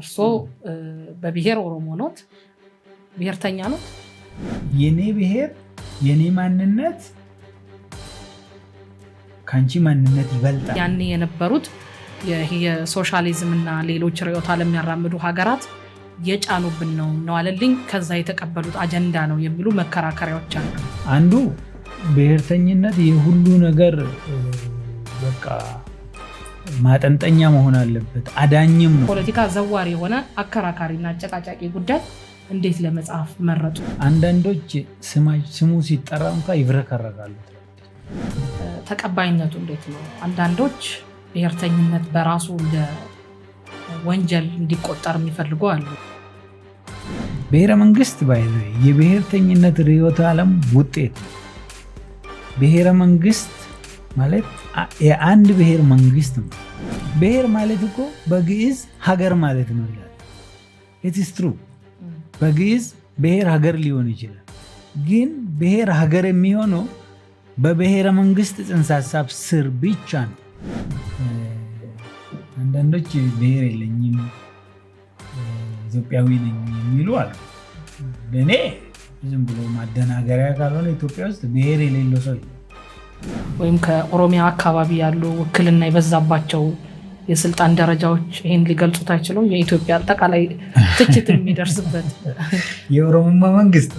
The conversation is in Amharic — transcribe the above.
እርስዎ በብሔር ኦሮሞ ኖት? ብሔርተኛ ኖት? የኔ ብሔር የኔ ማንነት ከአንቺ ማንነት ይበልጣል። ያኔ የነበሩት የሶሻሊዝም እና ሌሎች ርዕዮተ ዓለም የሚያራምዱ ሀገራት የጫኑብን ነው ነው አለልኝ። ከዛ የተቀበሉት አጀንዳ ነው የሚሉ መከራከሪያዎች አሉ። አንዱ ብሔርተኝነት የሁሉ ነገር በቃ ማጠንጠኛ መሆን አለበት። አዳኝም ነው። ፖለቲካ ዘዋሪ የሆነ አከራካሪና አጨቃጫቂ ጉዳይ እንዴት ለመጽሐፍ መረጡ? አንዳንዶች ስሙ ሲጠራ እንኳ ይብረከረጋሉ። ተቀባይነቱ እንዴት ነው? አንዳንዶች ብሔርተኝነት በራሱ እንደ ወንጀል እንዲቆጠር የሚፈልጉ አሉ። ብሔረ መንግስት ባይ የብሔርተኝነት ርዕዮተ ዓለም ውጤት ብሔረ መንግስት ማለት የአንድ ብሔር መንግስት ነው። ብሔር ማለት እኮ በግዕዝ ሀገር ማለት ነው ይላል። ኢትስ ትሩ በግዕዝ ብሔር ሀገር ሊሆን ይችላል። ግን ብሔር ሀገር የሚሆነው በብሔረ መንግስት ጽንሰ ሀሳብ ስር ብቻ ነው። አንዳንዶች ብሔር የለኝም ኢትዮጵያዊ ነኝ የሚሉ አሉ። ለእኔ ዝም ብሎ ማደናገሪያ ካልሆነ ኢትዮጵያ ውስጥ ብሔር የሌለው ሰው ወይም ከኦሮሚያ አካባቢ ያሉ ውክልና የበዛባቸው የስልጣን ደረጃዎች ይህን ሊገልጹት አይችሉም። የኢትዮጵያ አጠቃላይ ትችት የሚደርስበት የኦሮሞማ መንግስት